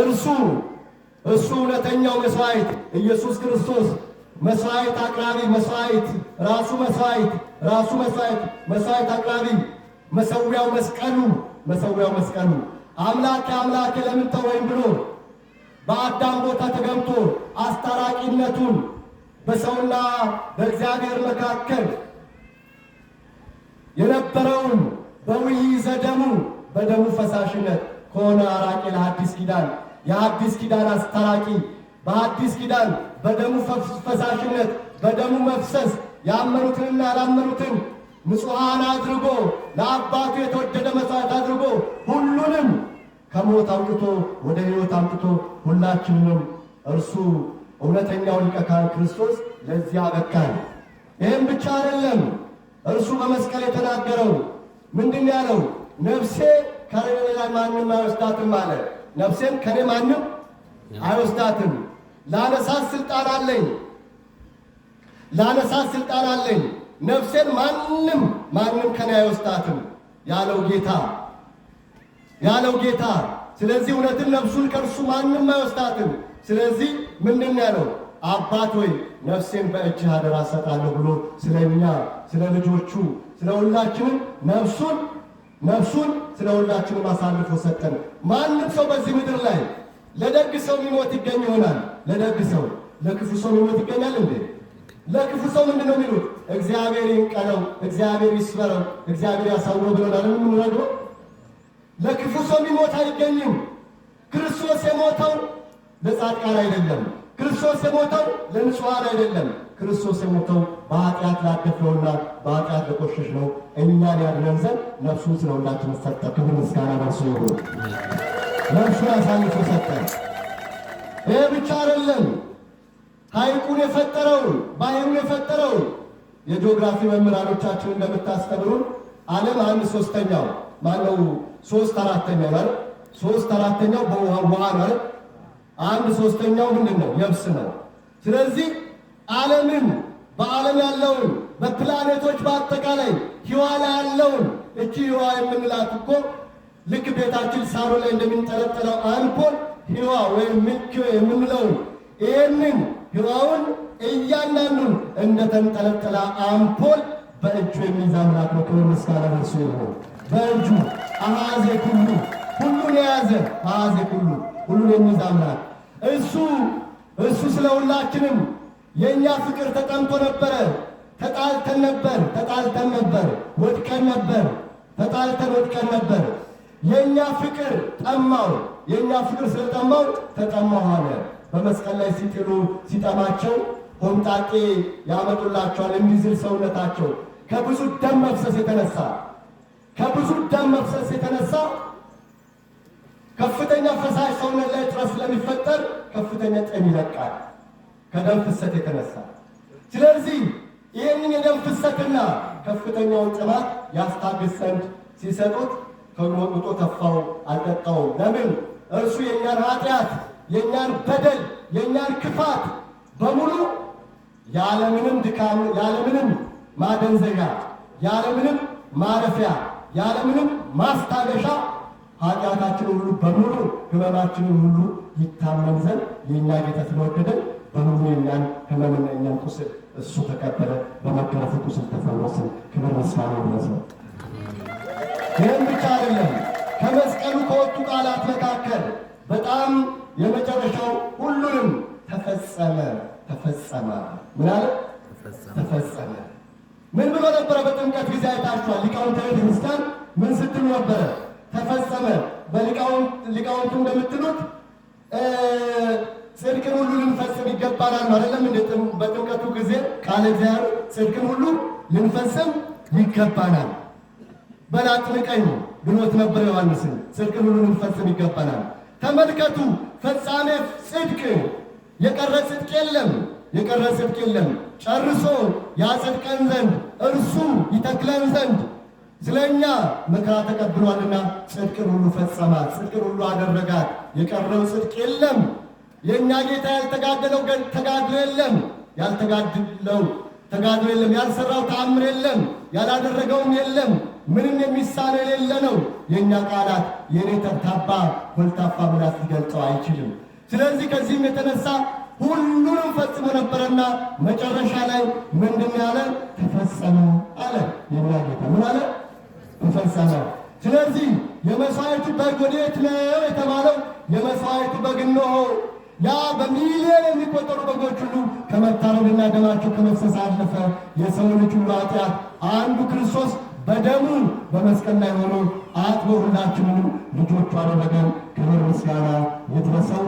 እርሱ እሱ እውነተኛው መስዋዕት ኢየሱስ ክርስቶስ መስዋዕት አቅራቢ፣ መስዋዕት ራሱ መስዋዕት ራሱ መስዋዕት መስዋዕት አቅራቢ፣ መሠዊያው መስቀሉ መሠዊያው መስቀሉ አምላኬ አምላኬ ለምን ተወኝ ብሎ በአዳም ቦታ ተገምቶ አስታራቂነቱን በሰውና በእግዚአብሔር መካከል የነበረውን በውይይ ዘደሙ በደሙ ፈሳሽነት ከሆነ አራቂ ለሐዲስ ኪዳን የሐዲስ ኪዳን አስታራቂ በሐዲስ ኪዳን በደሙ ፈሳሽነት በደሙ መፍሰስ ያመኑትንና ያላመኑትን ንጹሐን አድርጎ ለአባቱ የተወደደ መሥዋዕት አድርጎ ሁሉንም ከሞት አምጥቶ ወደ ሕይወት አምጥቶ ሁላችንንም እርሱ እውነተኛው ሊቀ ካህን ክርስቶስ ለዚያ አበቃን። ይህም ብቻ አይደለም። እርሱ በመስቀል የተናገረው ምንድን ያለው ነፍሴ ከእኔ በላይ ማንም አይወስዳትም አለ። ነፍሴን ከእኔ ማንም አይወስዳትም። ላነሳት ስልጣን አለኝ፣ ላነሳት ስልጣን አለኝ። ነፍሴን ማንም ማንም ከእኔ አይወስዳትም ያለው ጌታ ያለው ጌታ። ስለዚህ እውነትን ነፍሱን ከእርሱ ማንም አይወስዳትም። ስለዚህ ምንድን ያለው አባት ወይ ነፍሴን በእጅህ አደራ ሰጣለሁ ብሎ ስለኛ ስለ ልጆቹ ስለ ሁላችንም ነፍሱን ነፍሱን ስለ ሁላችንም አሳልፎ ሰጠን። ማንም ሰው በዚህ ምድር ላይ ለደግ ሰው የሚሞት ይገኝ ይሆናል። ለደግ ሰው ለክፉ ሰው የሚሞት ይገኛል እንዴ? ለክፉ ሰው ምንድን ነው የሚሉት? እግዚአብሔር ይንቀለው፣ እግዚአብሔር ይስበረው፣ እግዚአብሔር ያሳውረው ብለናል። የምንረግበው ለክፉ ሰው የሚሞት አይገኝም። ክርስቶስ የሞተው ለጻድቃን አይደለም። ክርስቶስ የሞተው ለንጹሐን አይደለም። ክርስቶስ የሞተው በኃጢአት ላደፍነውና በኃጢአት ለቆሸሽ ነው እኛን ያድነን ዘንድ ነፍሱን ስለ ሁላችን ሰጠ። ክብር ምስጋና ነርሱ ይሁን። ነፍሱን አሳልፎ ሰጠ። ይህ ብቻ አይደለም። ሐይቁን የፈጠረውን ባህሩን የፈጠረውን የጂኦግራፊ መምህራኖቻችን እንደምታስተምሩን ዓለም አንድ ሶስተኛው ማነው? ሶስት አራተኛው ማለት ሶስት አራተኛው በውሃ ውሃ አንድ ሶስተኛው ምንድን ነው? የብስ ነው። ስለዚህ ዓለምን በዓለም ያለውን በፕላኔቶች በአጠቃላይ ህዋ ላይ ያለውን እቺ ህዋ የምንላት እኮ ልክ ቤታችን ሳሎን ላይ እንደሚንጠለጠለው አልኮል ህዋ ወይም ምልክ የምንለውን ይህንን ህዋውን እያንዳንዱን እንደተንጠለጠለ አምፖል በእጁ የሚይዝ አምላክ ነው። ክብር ምስጋና ለእርሱ ይሁን። በእጁ አሃዜ ኩሉ ሁሉን የያዘ አሃዜ ኩሉ ሁሉን የሚይዝ እሱ እሱ ስለ ሁላችንም የእኛ ፍቅር ተጠምቶ ነበረ። ተጣልተን ነበር፣ ተጣልተን ነበር፣ ወድቀን ነበር፣ ተጣልተን ወድቀን ነበር። የእኛ ፍቅር ጠማው፣ የእኛ ፍቅር ስለጠማው ተጠማው አለ። በመስቀል ላይ ሲጥሉ ሲጠማቸው ሆምጣጤ ያመጡላቸዋል እንዲዝል ሰውነታቸው ከብዙ ደም መፍሰስ የተነሳ ከብዙ ደም መፍሰስ የተነሳ ከፍተኛ ፈሳሽ ሰውነት ላይ ጥረት ስለሚፈጠር ከፍተኛ ጥም ይለቃል። ከደም ፍሰት የተነሳ ስለዚህ ይህንን የደም ፍሰትና ከፍተኛውን ጥባት ያስታግስ ዘንድ ሲሰጡት ከሞጡቶ ተፋው አልጠጣውም። ለምን እርሱ የእኛን ኃጢአት፣ የእኛን በደል፣ የእኛን ክፋት በሙሉ ያለምንም ድካም፣ ያለምንም ማደንዘዣ፣ ያለምንም ማረፊያ፣ ያለምንም ማስታገሻ ኃጢአታችንን ሁሉ በሙሉ ህመማችንን ሁሉ ይታመን ዘንድ የእኛ ጌታ ስለወደደን በሙሉ የኛን ህመምና የኛን ቁስል እሱ ተቀበለ። በመገረፉ ቁስል ተፈወስን። ክብር ምስጋና ይድረስ። ይህም ብቻ አይደለም። ከመስቀሉ ከወጡ ቃላት መካከል በጣም የመጨረሻው ሁሉንም ተፈጸመ ተፈጸመ ምናለ ተፈጸመ ምን ብሎ ነበረ? በጥምቀት ጊዜ አይታችኋል። ሊቃውንተ ቤተክርስቲያን ምን ስትሉ ነበረ? ተፈጸመ በሊቃውንቱ እንደምትሉት ጽድቅን ሁሉ ልንፈጽም ይገባናል ነው አይደለም? በጥምቀቱ ጊዜ ቃለ እግዚአብሔር ጽድቅን ሁሉ ልንፈጽም ይገባናል በላጥምቀኝ ብሎት ነበር ዮሐንስን። ጽድቅን ሁሉ ልንፈጽም ይገባናል። ተመልከቱ ፈጻሜ ጽድቅ የቀረ ጽድቅ የለም፣ የቀረ ጽድቅ የለም። ጨርሶ ያጽድቀን ዘንድ እርሱ ይተክለን ዘንድ ስለኛ መከራ ተቀብሏልና ጽድቅን ሁሉ ፈጸማት፣ ጽድቅን ሁሉ አደረጋት። የቀረው ጽድቅ የለም። የእኛ ጌታ ያልተጋደለው ግን ተጋድሎ የለም፣ ያልተጋድለው ተጋድሎ የለም፣ ያልሰራው ተአምር የለም፣ ያላደረገውም የለም፣ ምንም የሚሳነው የሌለ ነው። የእኛ ቃላት የእኔ ተብታባ ኮልታፋ ምላስ ሊገልጸው አይችልም። ስለዚህ ከዚህም የተነሳ ሁሉንም ፈጽሞ ነበረና መጨረሻ ላይ ምንድን ያለ ተፈጸመ አለ። የእኛ ጌታ ምን አለ? ተፈጸመ። ስለዚህ የመስዋዕቱ በግ ወዴት ነው የተባለው? የመስዋዕቱ በግ ያ በሚሊዮን የሚቆጠሩ በጎች ሁሉ ከመታረድና ደማቸው ከመፍሰስ አለፈ። የሰው ልጅ ሁሉ ኃጢአት አንዱ ክርስቶስ በደሙ በመስቀል ላይ ሆኖ አጥቦ ሁላችንንም ልጆቹ አደረገን። ክብር ምስጋና ይድረሰው።